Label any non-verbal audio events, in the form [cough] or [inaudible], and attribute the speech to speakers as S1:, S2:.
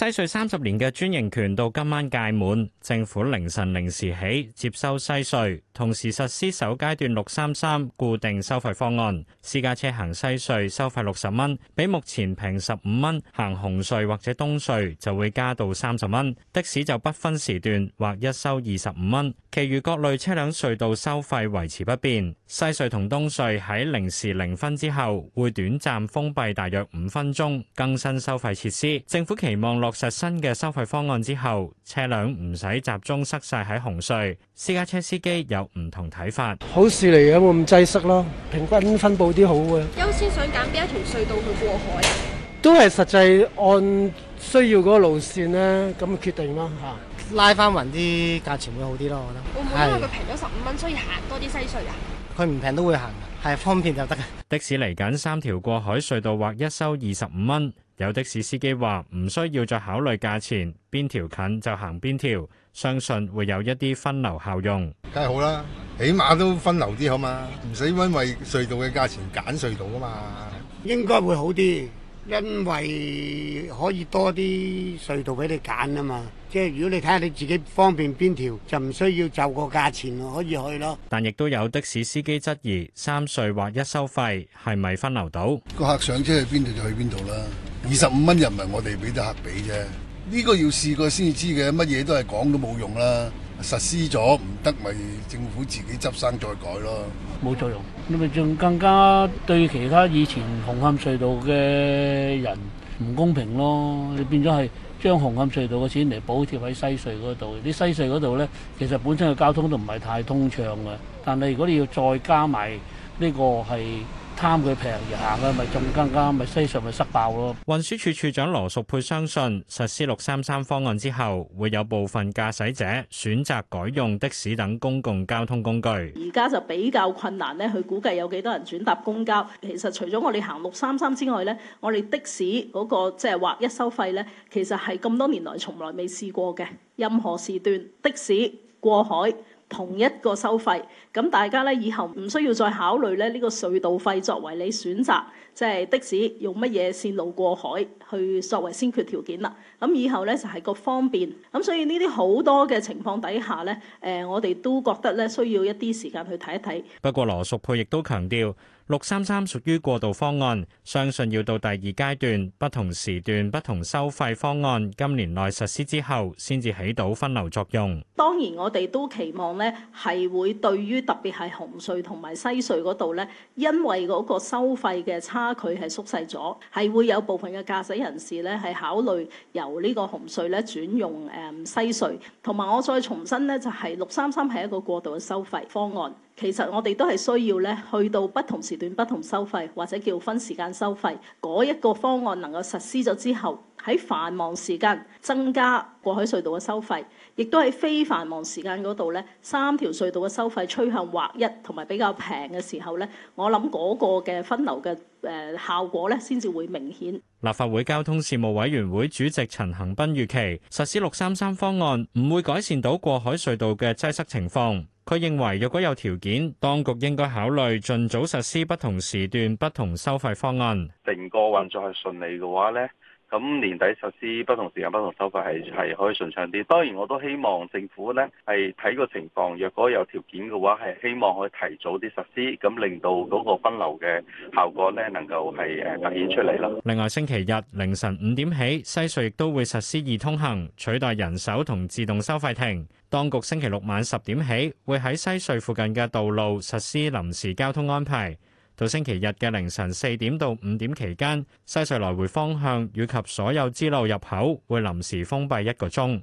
S1: 西隧三十年嘅專營權到今晚屆滿，政府凌晨零時起接收西隧。同時實施首階段六三三固定收費方案，私家車行西隧收費六十蚊，比目前平十五蚊；行紅隧或者東隧就會加到三十蚊。的士就不分時段，劃一收二十五蚊。其餘各類車輛隧道收費維持不變。西隧同東隧喺零時零分之後會短暫封閉大約五分鐘，更新收費設施。政府期望落實新嘅收費方案之後，車輛唔使集中塞曬喺紅隧，私家車司機有唔同睇法，好事嚟嘅，冇咁擠塞咯，平均分布啲好嘅。
S2: 優先想揀邊一條隧道去過海，
S1: 都係實際按需要嗰個路線咧，咁決定咯吓。拉翻勻啲價錢會好啲咯，我覺得。
S2: 會唔會因為佢平咗十五蚊，是所以行多啲西隧
S1: 啊？佢唔平都會行，係方便就得嘅。 [laughs] 的士嚟緊三條過海隧道劃一收二十五蚊。有的士司機話唔需要再考慮價錢，邊條近就行邊條，相信會有一啲分流效用。梗係好啦，起碼都分流啲好嘛，唔使因為隧道嘅價錢揀隧道啊嘛。應該會好啲，因為可以多啲隧道俾你揀啊嘛。即係如果你睇下你自己方便邊條，就唔需要就個價
S2: 錢可以去咯。
S1: 但亦都有的士司機質疑三隧劃一收費係咪分流到？
S2: 個客上車去邊度就去邊度啦。二十五蚊人民我哋俾得客俾啫，呢個要試過先知嘅，乜嘢都係講都冇用啦。實施咗唔得咪政府自己執生再改咯，
S1: 冇作用。你咪仲更加對其他以前紅磡隧道嘅人唔公平咯。你變咗係將紅磡隧道嘅錢嚟補貼喺西隧嗰度，你西隧嗰度咧，其實本身嘅交通都唔係太通暢嘅，但係如果你要再加埋呢個係。貪佢平而行嘅咪仲更加，咪西上咪塞爆咯！運輸署署長羅淑佩相信，實施六三三方案之後，會有部分駕駛者選擇改用的士等公共交通工具。
S2: 而家就比較困難咧，去估計有幾多人轉搭公交。其實除咗我哋行六三三之外咧，我哋的士嗰個即係劃一收費咧，其實係咁多年來從來未試過嘅任何時段的士過海。同一個收費，咁大家咧以後唔需要再考慮咧呢個隧道費作為你選擇即係的士用乜嘢線路過海去作為先決條件啦。咁以後咧就係個方便，咁所以呢啲好多嘅情況底下咧，誒我哋都覺得咧需要一啲時間去睇一睇。
S1: 不過羅淑佩亦都強調。六三三屬於過渡方案，相信要到第二階段不同時段，不同收費方案今年內實施之後，先至起到分流作用。
S2: 當然，我哋都期望咧，係會對於特別係紅隧同埋西隧嗰度咧，因為嗰個收費嘅差距係縮細咗，係會有部分嘅駕駛人士咧係考慮由呢個紅隧咧轉用誒西隧。同埋，我再重申咧，就係六三三係一個過渡嘅收費方案。其實我哋都係需要咧，去到不同時段不同收費，或者叫分時間收費嗰一個方案能夠實施咗之後，喺繁忙時間增加過海隧道嘅收費，亦都喺非繁忙時間嗰度呢，三條隧道嘅收費趨向劃一，同埋比較平嘅時候呢，我諗嗰個嘅分流嘅誒效果呢，先至會明顯。
S1: 立法會交通事務委員會主席陳恒鑌預期，實施六三三方案唔會改善到過海隧道嘅擠塞情況。佢認為，如果有條件，當局應該考慮盡早實施不同時段不同收費方案。成個運作係順利嘅話呢。咁年底實施不同時間不同收費係係可以順暢啲。當然我都希望政府呢係睇個情況，若果有條件嘅話，係希望可以提早啲實施，咁令到嗰個分流嘅效果呢能夠係誒凸顯出嚟啦。另外星期日凌晨五點起，西隧亦都會實施易通行，取代人手同自動收費亭。當局星期六晚十點起，會喺西隧附近嘅道路實施臨時交通安排。到星期日嘅凌晨四點到五點期間，西隧來回方向以及所有支路入口會臨時封閉一個鐘。